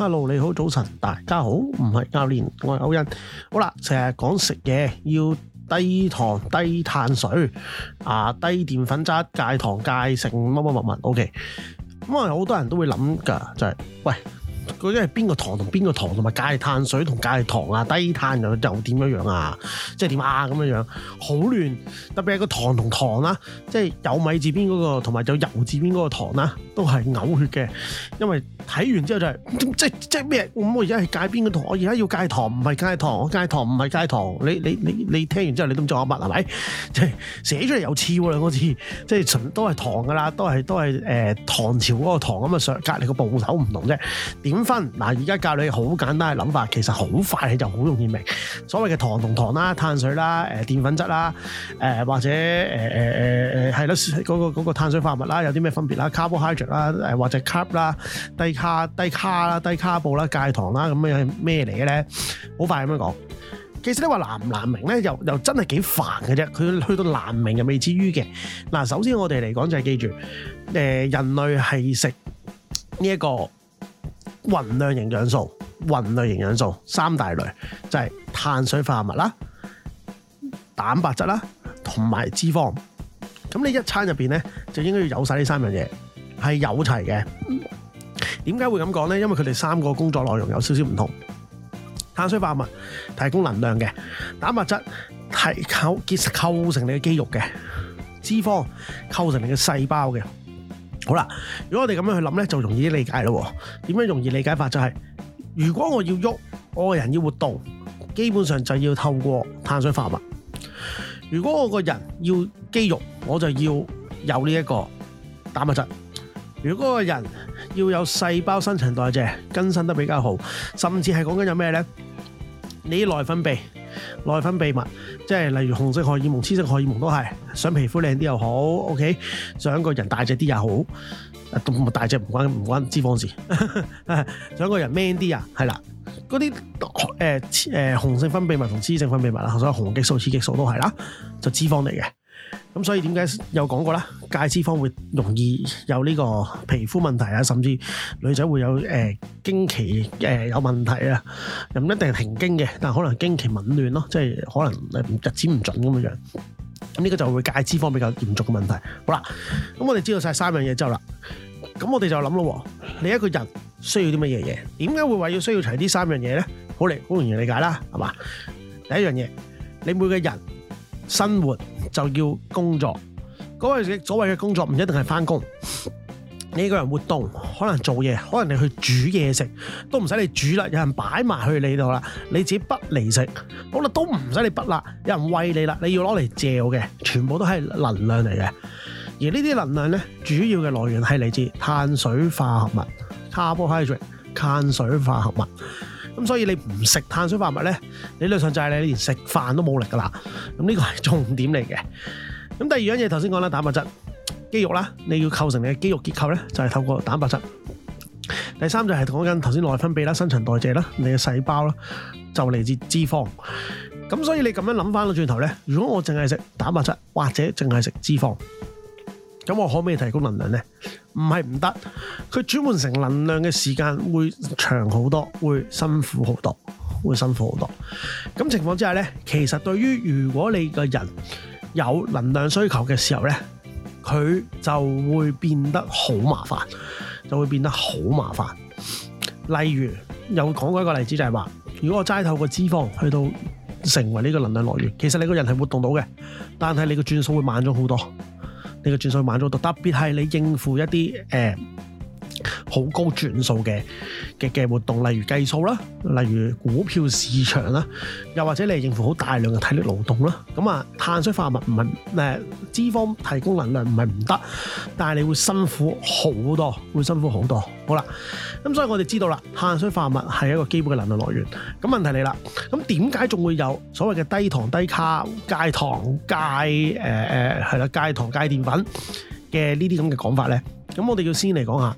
Hello，你好早晨，大家好，唔係教練，我係 Owen。好啦，成日講食嘢要低糖、低碳水啊、低澱粉質、加戒糖、戒食乜乜物物。OK，咁我好多人都會諗噶，就係、是、喂。嗰啲係邊個糖同邊個糖同埋戒係碳水同戒係糖啊？低碳又又點樣樣啊？即係點啊？咁樣樣好亂，特別係個糖同糖啦，即係有米字邊嗰個同埋有油字邊嗰個糖啦，都係嘔血嘅。因為睇完之後就係、係、即即咩？我而家係戒邊個糖？我而家要戒糖，唔係戒糖，我戒糖唔係戒糖。你你你你聽完之後你都唔知我乜係咪？即係寫出嚟有似喎兩個字，即係都係糖噶啦，都係都係誒唐朝嗰個糖咁啊，上隔離個部首唔同啫。點分嗱？而家教你好簡單嘅諗法，其實好快你就好容易明。所謂嘅糖同糖啦、碳水啦、誒、呃、澱粉質啦、誒、呃、或者誒誒誒誒係啦，嗰、呃呃嗰個嗰個碳水化合物啦，有啲咩分別啦？Carbohydrate 啦，誒或者 carb 啦，低卡低卡啦，低卡布啦，戒糖啦，咁樣係咩嚟嘅咧？好快咁樣講。其實你話難唔難明咧？又又真係幾煩嘅啫。佢去到難明又未至於嘅。嗱，首先我哋嚟講就係記住，誒、呃、人類係食呢一個。宏量營養素、宏量營養素三大類，就係、是、碳水化合物啦、蛋白質啦，同埋脂肪。咁你一餐入邊咧，就應該要有晒呢三樣嘢，係有齊嘅。點解會咁講咧？因為佢哋三個工作內容有少少唔同。碳水化合物提供能量嘅，蛋白質係靠結構成你嘅肌肉嘅，脂肪構成你嘅細胞嘅。好啦，如果我哋咁樣去諗呢，就容易理解咯。點樣容易理解法就係，如果我要喐，我個人要活動，基本上就要透過碳水化合物。如果我個人要肌肉，我就要有呢一個蛋白質。如果個人要有細胞新陳代謝更新得比較好，甚至係講緊有咩呢？你內分泌。內分泌物，即係例如雄性荷爾蒙、雌性荷爾蒙都係，想皮膚靚啲又好，好，OK，想個人大隻啲又好，啊、呃，唔係大隻，唔關唔關脂肪事，呵呵，想個人 man 啲啊，係啦，嗰啲誒誒雄性分泌物同雌性分泌物啦，所以雄激素、雌激素都係啦，就脂肪嚟嘅。咁所以點解有講過啦？戒脂肪會容易有呢個皮膚問題啊，甚至女仔會有誒經期誒有問題啊，又唔一定係停經嘅，但係可能經期紊亂咯，即係可能日子唔準咁樣樣。咁呢個就會戒脂肪比較嚴重嘅問題。好啦，咁我哋知道晒三樣嘢之後啦，咁我哋就諗咯，你一個人需要啲乜嘢嘢？點解會話要需要齊呢三樣嘢咧？好嚟，好容易理解啦，係嘛？第一樣嘢，你每個人生活，就要工作，嗰陣時所謂嘅工作唔一定係翻工，你個人活動，可能做嘢，可能你去煮嘢食，都唔使你煮啦，有人擺埋去你度啦，你自己不嚟食，好啦，都唔使你不啦，有人餵你啦，你要攞嚟嚼嘅，全部都係能量嚟嘅，而呢啲能量咧，主要嘅來源係嚟自碳水化合物 （carbohydrate），碳水化合物。咁所以你唔食碳水化合物呢，你理論上就係你連食飯都冇力噶啦。咁呢個係重點嚟嘅。咁第二樣嘢頭先講啦，蛋白質、肌肉啦，你要構成你嘅肌肉結構呢，就係透過蛋白質。第三就係講緊頭先內分泌啦、新陳代謝啦、你嘅細胞啦，就嚟自脂肪。咁所以你咁樣諗翻個轉頭呢，如果我淨係食蛋白質或者淨係食脂肪。咁我可唔可以提供能量呢？唔係唔得，佢轉換成能量嘅時間會長好多，會辛苦好多，會辛苦好多。咁情況之下呢，其實對於如果你個人有能量需求嘅時候呢，佢就會變得好麻煩，就會變得好麻煩。例如又講過一個例子就係話，如果我齋透過脂肪去到成為呢個能量來源，其實你個人係活動到嘅，但係你個轉數會慢咗好多。你嘅轉數慢咗多，特別係你應付一啲誒、欸好高轉數嘅嘅嘅活動，例如計數啦，例如股票市場啦，又或者你係應付好大量嘅體力勞動啦。咁啊，碳水化合物唔係誒脂肪提供能量唔係唔得，但係你會辛苦好多，會辛苦好多。好啦，咁所以我哋知道啦，碳水化合物係一個基本嘅能量來源。咁問題嚟啦，咁點解仲會有所謂嘅低糖低卡、戒糖戒誒誒係啦戒糖戒澱粉嘅呢啲咁嘅講法咧？咁我哋要先嚟講下。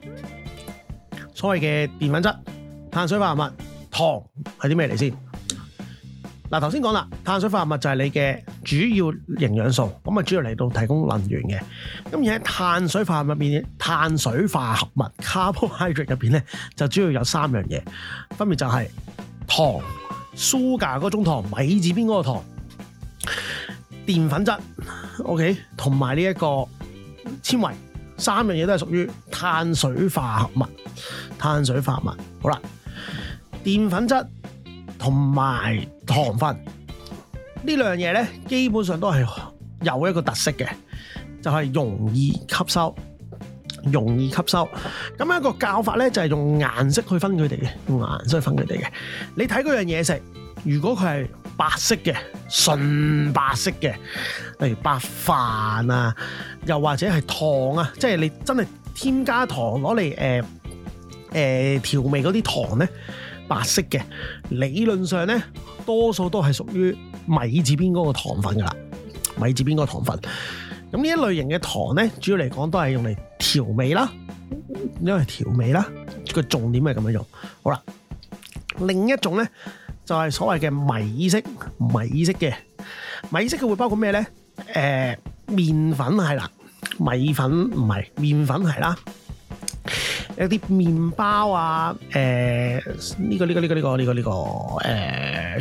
所謂嘅澱粉質、碳水化合物、糖係啲咩嚟先？嗱，頭先講啦，碳水化合物就係你嘅主要營養素，咁啊主要嚟到提供能源嘅。咁而喺碳水化合物入邊，碳水化合物 （carbohydrate） 入邊咧就主要有三樣嘢，分別就係糖 sugar 嗰種糖，米字邊嗰個糖，澱粉質，OK，同埋呢一個纖維。三樣嘢都係屬於碳水化合物，碳水化合物好啦，澱粉質同埋糖分呢兩樣嘢咧，基本上都係有一個特色嘅，就係容易吸收，容易吸收。咁一個教法咧，就係用顏色去分佢哋嘅，用顏色去分佢哋嘅。你睇嗰樣嘢食，如果佢係。白色嘅，純白色嘅，例如白飯啊，又或者係糖啊，即係你真係添加糖攞嚟誒誒調味嗰啲糖咧，白色嘅，理論上咧多數都係屬於米字邊嗰個糖份噶啦，米字邊嗰個糖份。咁呢一類型嘅糖咧，主要嚟講都係用嚟調味啦，因為調味啦，個重點係咁樣用。好啦，另一種咧。就係、是、所謂嘅米色，米色嘅米色嘅會包括咩咧？誒、呃，麵粉係啦，是米粉唔係，麵粉係啦，是有啲麵包啊，誒、呃，呢、這個呢、這個呢、這個呢、這個呢個呢個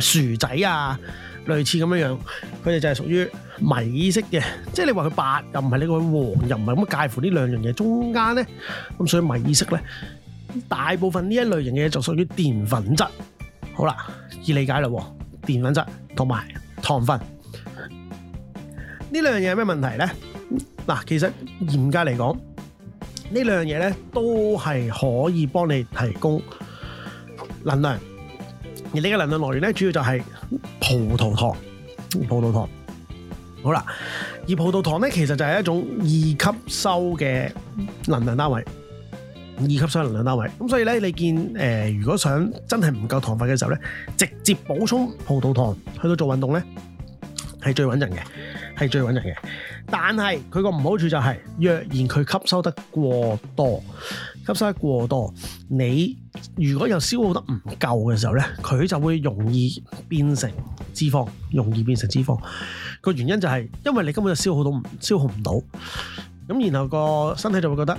誒，薯仔啊，類似咁樣樣，佢哋就係屬於米色嘅。即係你話佢白又唔係，你話佢黃又唔係，咁介乎呢兩樣嘢中間咧，咁所以米色咧，大部分呢一類型嘅嘢就屬於澱粉質。好啦。易理解嘞，澱粉質同埋糖分呢兩樣嘢有咩問題咧？嗱，其實嚴格嚟講，呢兩樣嘢咧都係可以幫你提供能量，而你嘅能量來源咧主要就係葡萄糖，葡萄糖。好啦，而葡萄糖咧其實就係一種易吸收嘅能量單位。二級生能量單位，咁所以咧，你見、呃、如果想真係唔夠糖分嘅時候咧，直接補充葡萄糖去到做運動咧，係最穩陣嘅，係最穩陣嘅。但係佢個唔好處就係、是，若然佢吸收得過多，吸收得過多，你如果又消耗得唔夠嘅時候咧，佢就會容易變成脂肪，容易變成脂肪。個原因就係、是、因為你根本就消耗到唔消耗唔到，咁然後個身體就會覺得。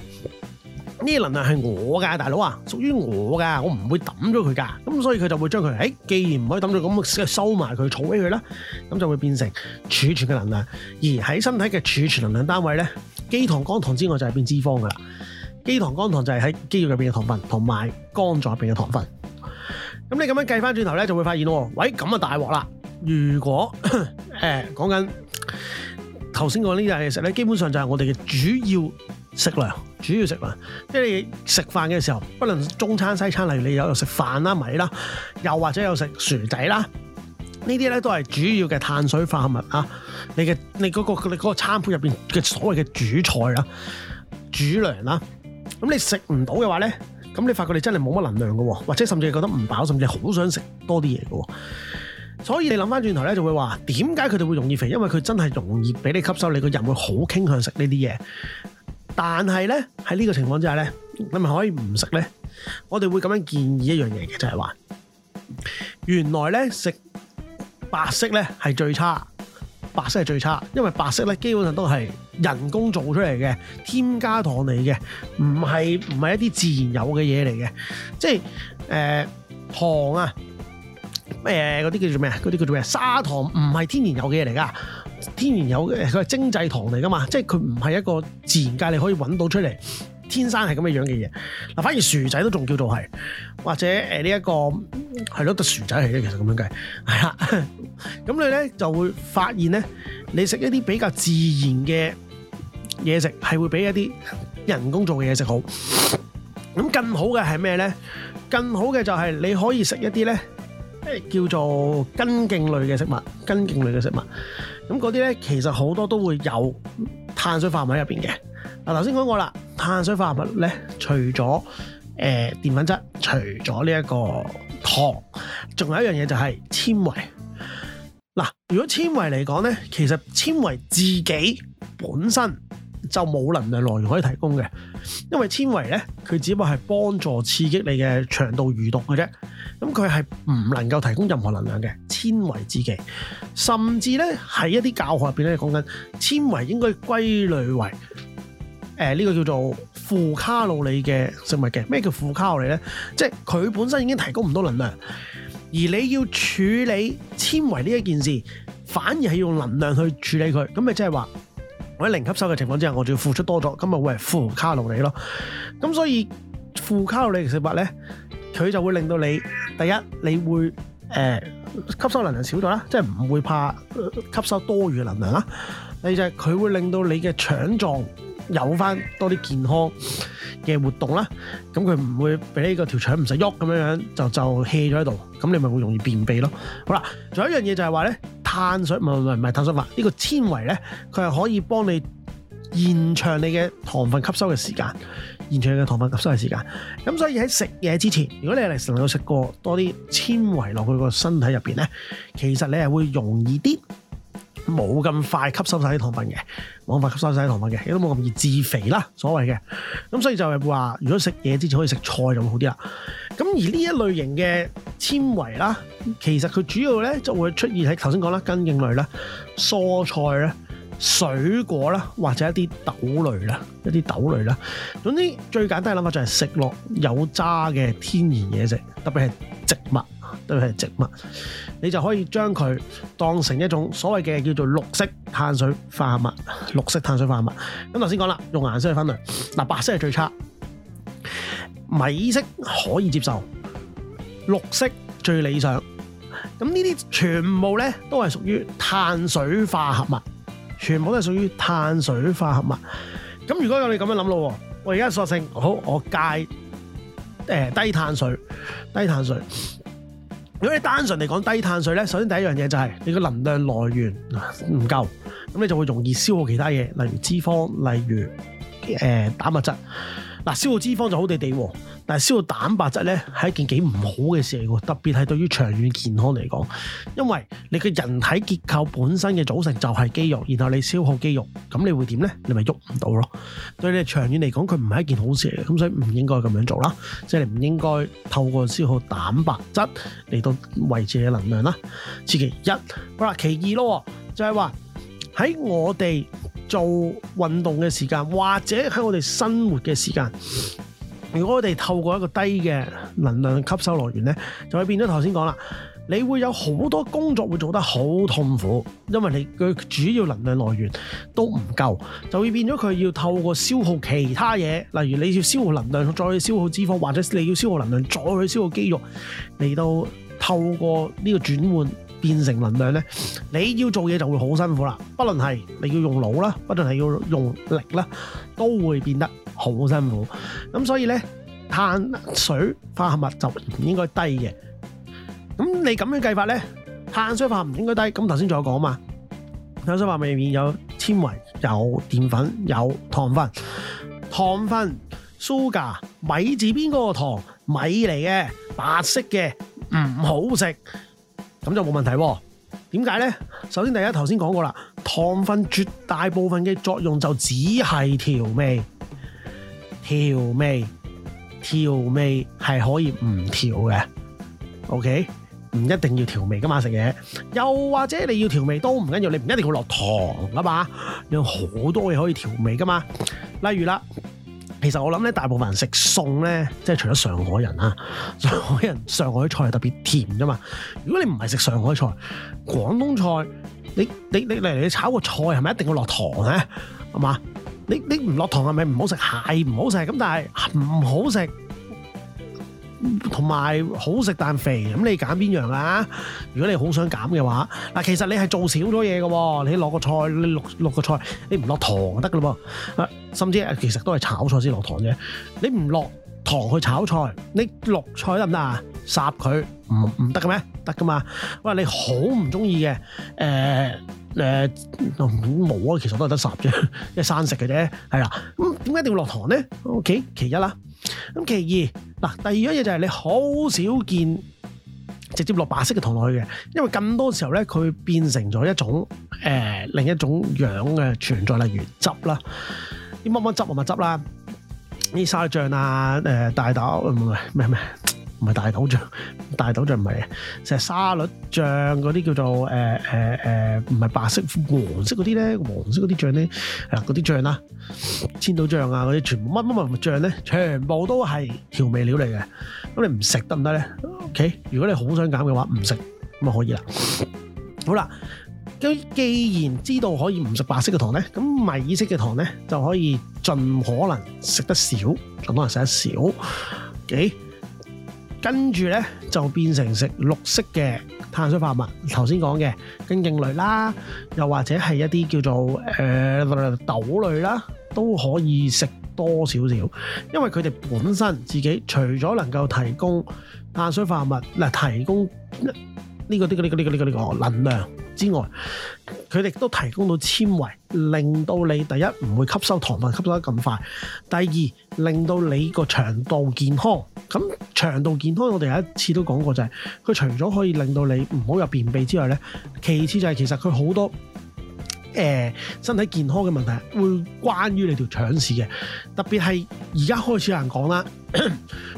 呢個能量係我㗎，大佬啊，屬於我㗎，我唔會抌咗佢㗎，咁所以佢就會將佢，誒、欸，既然唔可以抌咗，咁收埋佢，儲俾佢啦，咁就會變成儲存嘅能量。而喺身體嘅儲存能量單位咧，肌糖、肝糖之外就係變脂肪㗎啦。肌糖、肝糖就係喺肌肉入邊嘅糖分，同埋肝臟入邊嘅糖分。咁你咁樣計翻轉頭咧，就會發現，喂，咁啊大鑊啦！如果誒、 欸、講緊頭先講呢啲嘢，食咧基本上就係我哋嘅主要。食糧，主要食糧，即係你食飯嘅時候，不論中餐西餐，例如你有食飯啦、米啦，又或者有食薯仔啦，呢啲咧都係主要嘅碳水化合物啊。你嘅你、嗰個你個餐盤入邊嘅所謂嘅主菜啦、主糧啦，咁你食唔到嘅話咧，咁你發覺你真係冇乜能量嘅，或者甚至係覺得唔飽，甚至你好想食多啲嘢嘅。所以你諗翻轉頭咧，就會話點解佢哋會容易肥？因為佢真係容易俾你吸收，你個人會好傾向食呢啲嘢。但係咧喺呢個情況之下咧，你咪可以唔食咧？我哋會咁樣建議一樣嘢嘅，就係話原來咧食白色咧係最差，白色係最差，因為白色咧基本上都係人工做出嚟嘅，添加糖嚟嘅，唔係唔係一啲自然有嘅嘢嚟嘅，即係誒糖啊，咩嗰啲叫做咩？嗰啲叫做咩？砂糖，唔係天然有嘅嘢嚟噶。天然有，佢係精製糖嚟噶嘛，即係佢唔係一個自然界你可以揾到出嚟，天生係咁嘅樣嘅嘢嗱。反而薯仔都仲叫做係或者誒呢一個係咯，得薯仔嚟嘅。其實咁樣計係啦，咁 你咧就會發現咧，你食一啲比較自然嘅嘢食係會比一啲人工做嘅嘢食好。咁更好嘅係咩咧？更好嘅就係你可以食一啲咧，誒叫做根莖類嘅食物，根莖類嘅食物。咁嗰啲咧，其實好多都會有碳水化合物入邊嘅。嗱、啊，頭先講過啦，碳水化合物咧，除咗誒、呃、澱粉質，除咗呢一個糖，仲有一樣嘢就係纖維。嗱、啊，如果纖維嚟講咧，其實纖維自己本身，就冇能量來源可以提供嘅，因為纖維呢，佢只不過係幫助刺激你嘅腸道蠕動嘅啫，咁佢係唔能夠提供任何能量嘅，纖維之忌。甚至呢，喺一啲教學入邊咧講緊，纖維應該歸類為誒呢、呃呢個叫做負卡路里嘅食物嘅。咩叫負卡路里呢？即係佢本身已經提供唔多能量，而你要處理纖維呢一件事，反而係用能量去處理佢，咁咪即係話。我喺零吸收嘅情況之下，我仲要付出多咗，咁咪會係負卡路里咯。咁所以負卡路里食物咧，佢就會令到你第一，你會誒、呃、吸收能量少咗啦，即係唔會怕吸收多餘嘅能量啦。第二就係佢會令到你嘅腸臟有翻多啲健康嘅活動啦。咁佢唔會俾你個條腸唔使喐咁樣樣，就就 hea 咗喺度。咁你咪會容易便秘咯。好啦，仲有一樣嘢就係話咧。碳水唔唔唔係碳水化合物，呢個纖維咧，佢係可以幫你延長你嘅糖分吸收嘅時間，延長你嘅糖分吸收嘅時間。咁所以喺食嘢之前，如果你係嚟食有食過多啲纖維落去個身體入邊咧，其實你係會容易啲，冇咁快吸收晒啲糖分嘅，冇咁快吸收晒啲糖分嘅，亦都冇咁易致肥啦，所謂嘅。咁所以就係、是、話，如果食嘢之前可以食菜就會好啲啊。咁而呢一類型嘅纖維啦，其實佢主要咧就會出現喺頭先講啦，根莖類啦、蔬菜啦、水果啦，或者一啲豆類啦，一啲豆類啦。總之最簡單嘅諗法就係食落有渣嘅天然嘢食，特別係植物，特別係植物，你就可以將佢當成一種所謂嘅叫做綠色碳水化合物，綠色碳水化合物。咁頭先講啦，用顏色去分類，嗱，白色係最差。米色可以接受，綠色最理想。咁呢啲全部咧都係屬於碳水化合物，全部都係屬於碳水化合物。咁如果有你咁樣諗咯，我而家索性好，我戒誒、呃、低碳水，低碳水。如果你單純嚟講低碳水咧，首先第一樣嘢就係你個能量來源唔夠，咁你就會容易消耗其他嘢，例如脂肪，例如誒蛋白質。呃嗱，消耗脂肪就好地地喎，但係消耗蛋白質呢係一件幾唔好嘅事嚟喎，特別係對於長遠健康嚟講，因為你嘅人體結構本身嘅組成就係肌肉，然後你消耗肌肉，咁你會點呢？你咪喐唔到咯，對你長遠嚟講，佢唔係一件好事嚟嘅，咁所以唔應該咁樣做啦，即係你唔應該透過消耗蛋白質嚟到維持你嘅能量啦。此其一，好啦，其二咯，就係話。喺我哋做運動嘅時間，或者喺我哋生活嘅時間，如果我哋透過一個低嘅能量吸收來源呢，就會變咗頭先講啦。你會有好多工作會做得好痛苦，因為你嘅主要能量來源都唔夠，就會變咗佢要透過消耗其他嘢，例如你要消耗能量再去消耗脂肪，或者你要消耗能量再去消耗肌肉，嚟到透過呢個轉換。變成能量咧，你要做嘢就會好辛苦啦。不論係你要用腦啦，不論係要用力啦，都會變得好辛苦。咁所以咧，碳水化合物就唔應該低嘅。咁你咁樣計法咧，碳水化合物唔應該低。咁頭先仲有講啊嘛，碳水化合物裡面有纖維、有澱粉、有糖分。糖分 sugar，米字邊嗰個糖，米嚟嘅，白色嘅，唔好食。嗯咁就冇問題喎，啊？點解呢？首先大家頭先講過啦，糖分絕大部分嘅作用就只係調味，調味調味係可以唔調嘅。OK，唔一定要調味噶嘛，食嘢。又或者你要調味都唔緊要，你唔一定要落糖噶嘛。有好多嘢可以調味噶嘛，例如啦。其實我諗咧，大部分人食餸咧，即係除咗上海人啦，上海人上海菜係特別甜啫嘛。如果你唔係食上海菜、廣東菜，你你你嚟嚟炒個菜，係咪一定要落糖咧？係嘛？你你唔落糖係咪唔好食係？唔好食咁，但係唔好食。同埋好食但肥，咁你揀邊樣啊？如果你好想減嘅話，嗱，其實你係做少咗嘢嘅喎。你落個菜，你落落個菜，你唔落糖就得嘅咯噃。啊，甚至其實都係炒菜先落糖啫。你唔落糖去炒菜，你落菜得唔得啊？烚佢唔唔得嘅咩？得噶嘛？喂，你好唔中意嘅，誒、呃、誒，冇、呃、啊，其實都係得烚啫，即係生食嘅啫。係啦，咁點解一定要落糖咧？OK，其一啦，咁其二。嗱，第二樣嘢就係你好少見直接落白色嘅糖落去嘅，因為更多時候咧，佢變成咗一種、呃、另一種樣嘅存在，例如汁啦，啲乜乜汁啊乜汁啦，啲沙律醬啊，呃、大豆唔唔係咩咩。呃唔係大豆醬，大豆醬唔係啊，成沙律醬嗰啲叫做誒誒誒，唔係白色黃色嗰啲咧，黃色嗰啲醬咧，嗱嗰啲醬啦，千島醬啊嗰啲，嗰啲全部乜乜乜醬咧，全部都係調味料嚟嘅。咁你唔食得唔得咧？OK，如果你好想減嘅話，唔食咁啊可以啦。好啦，咁既然知道可以唔食白色嘅糖咧，咁米色嘅糖咧就可以盡可能食得少，盡可能食得少。誒、okay?。跟住呢，就變成食綠色嘅碳水化合物，頭先講嘅根莖類啦，又或者係一啲叫做、呃、豆類啦，都可以食多少少，因為佢哋本身自己除咗能夠提供碳水化合物，嚟提供呢、呢個呢、呢個呢、呢個呢、呢個呢、呢個能量之外，佢哋都提供到纖維，令到你第一唔會吸收糖分吸收得咁快，第二令到你個腸道健康。咁腸道健康，我哋有一次都講過就係、是、佢除咗可以令到你唔好有便秘之外咧，其次就係其實佢好多誒、呃、身體健康嘅問題會關於你條腸事嘅，特別係而家開始有人講啦，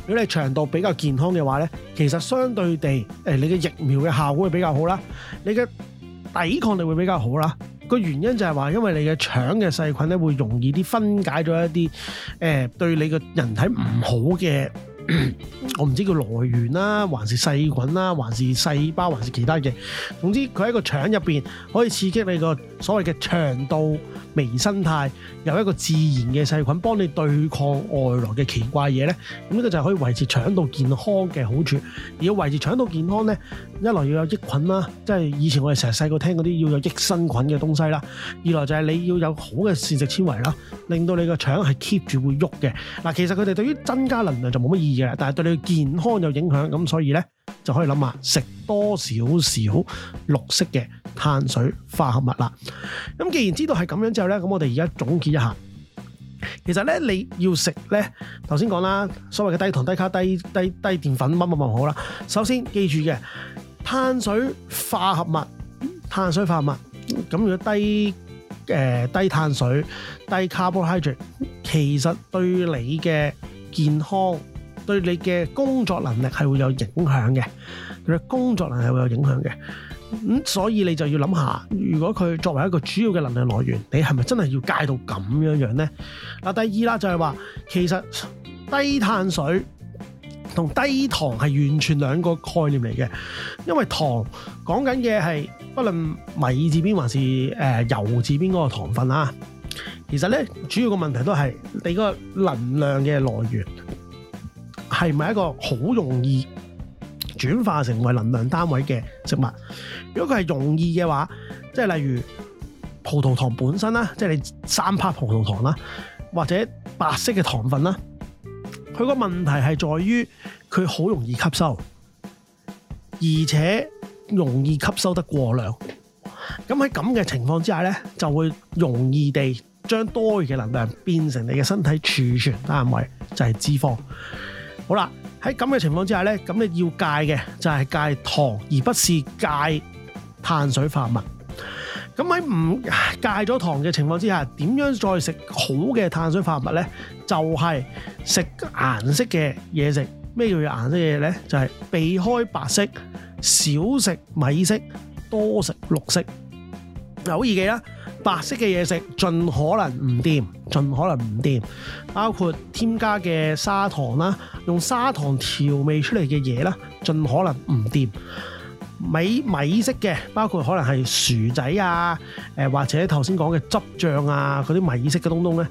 如果你腸道比較健康嘅話呢，其實相對地誒、呃、你嘅疫苗嘅效果會比較好啦，你嘅。抵抗力會比較好啦，個原因就係話，因為你嘅腸嘅細菌咧會容易啲分解咗一啲，誒對你嘅人體唔好嘅。 我唔知叫來源啦，還是細菌啦，還是細胞，還是其他嘅。總之佢喺個腸入邊可以刺激你個所謂嘅腸道微生態，有一個自然嘅細菌幫你對抗外來嘅奇怪嘢咧。咁呢個就係可以維持腸道健康嘅好處。而要維持腸道健康呢，一來要有益菌啦，即係以前我哋成日細個聽嗰啲要有益生菌嘅東西啦。二來就係你要有好嘅膳食纖維啦，令到你個腸係 keep 住會喐嘅。嗱，其實佢哋對於增加能量就冇乜意義。但係對你嘅健康有影響，咁所以呢，就可以諗下食多少少綠色嘅碳水化合物啦。咁既然知道係咁樣之後呢，咁我哋而家總結一下，其實呢，你要食呢，頭先講啦，所謂嘅低糖、低卡、低低低澱粉乜乜乜好啦。首先記住嘅碳水化合物，碳水化合物咁如果低誒、呃、低碳水、低 carbohydrate，其實對你嘅健康。對你嘅工作能力係會有影響嘅，對你嘅工作能力係會有影響嘅。咁、嗯、所以你就要諗下，如果佢作為一個主要嘅能量來源，你係咪真係要戒到咁樣樣呢？嗱，第二啦，就係、是、話其實低碳水同低糖係完全兩個概念嚟嘅，因為糖講緊嘅係不論米字邊還是誒油字邊嗰個糖分啊。其實呢，主要個問題都係你個能量嘅來源。係咪一個好容易轉化成為能量單位嘅食物？如果佢係容易嘅話，即係例如葡萄糖本身啦，即係你三匹葡萄糖啦，或者白色嘅糖分啦，佢個問題係在於佢好容易吸收，而且容易吸收得過量。咁喺咁嘅情況之下呢，就會容易地將多餘嘅能量變成你嘅身體儲存單位，就係脂肪。好啦，喺咁嘅情況之下呢，咁你要戒嘅就係戒糖，而不是戒碳水化合物。咁喺唔戒咗糖嘅情況之下，點樣再食好嘅碳水化合物呢？就係食顏色嘅嘢食。咩叫做顏色嘅嘢呢？就係避開白色，少食米色，多食綠色。嗱，好易記啦。白色嘅嘢食，盡可能唔掂，盡可能唔掂。包括添加嘅砂糖啦，用砂糖調味出嚟嘅嘢啦，盡可能唔掂。米米色嘅，包括可能係薯仔啊，誒、呃、或者頭先講嘅汁醬啊，嗰啲米色嘅東東呢，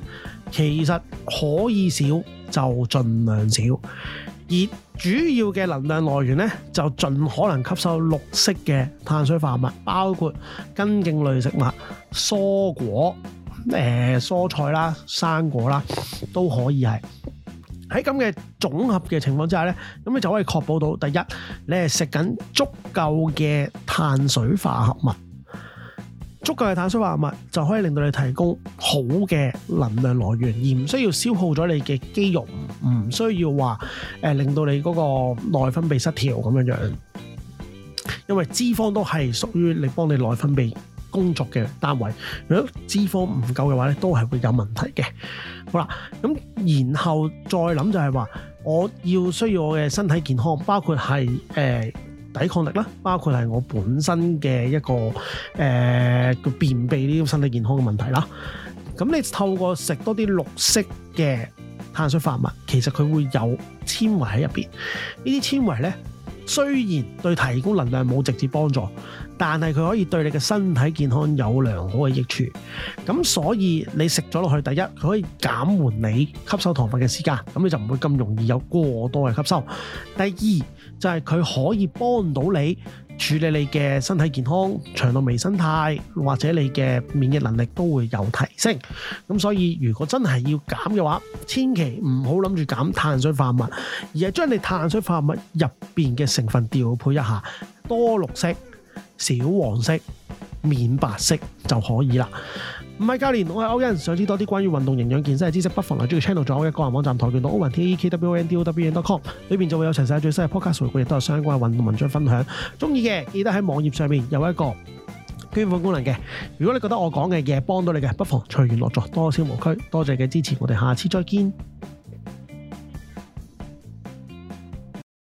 其實可以少就盡量少。而主要嘅能量來源呢，就盡可能吸收綠色嘅碳水化合物，包括根莖類食物、蔬果、誒、呃、蔬菜啦、生果啦，都可以係。喺咁嘅總合嘅情況之下呢，咁你就可以確保到第一，你係食緊足夠嘅碳水化合物。足夠嘅碳水化物就可以令到你提供好嘅能量來源，而唔需要消耗咗你嘅肌肉，唔需要話誒令到你嗰個內分泌失調咁樣樣。因為脂肪都係屬於你幫你內分泌工作嘅單位，如果脂肪唔夠嘅話呢，都係會有問題嘅。好啦，咁然後再諗就係話，我要需要我嘅身體健康，包括係誒抵抗力啦，包括係我本身嘅一個誒個、呃、便秘呢個身體健康嘅問題啦。咁你透過食多啲綠色嘅碳水化合物，其實佢會有纖維喺入邊，呢啲纖維咧，雖然對提供能量冇直接幫助，但係佢可以對你嘅身體健康有良好嘅益處。咁所以你食咗落去，第一，佢可以減緩你吸收糖分嘅時間，咁你就唔會咁容易有過多嘅吸收。第二，就係佢可以幫到你，處理你嘅身體健康、腸道微生態或者你嘅免疫能力都會有提升，咁所以如果真係要減嘅話，千祈唔好諗住減碳水化合物，而係將你碳水化合物入面嘅成分調配一下，多綠色、少黃色、免白色就可以啦。唔係教練，我係歐恩。想知多啲關於運動營養健身嘅知識，不妨嚟中意 channel，咗我嘅個人網站跆拳道歐雲 T A E K W O N D O W E N dot com，裏面就會有成世最新嘅 podcast 回顧，亦都有相關嘅運動文章分享。中意嘅記得喺網頁上面有一個捐款功能嘅。如果你覺得我講嘅嘢幫到你嘅，不妨隨緣樂助多少無拘，多謝你嘅支持。我哋下次再見。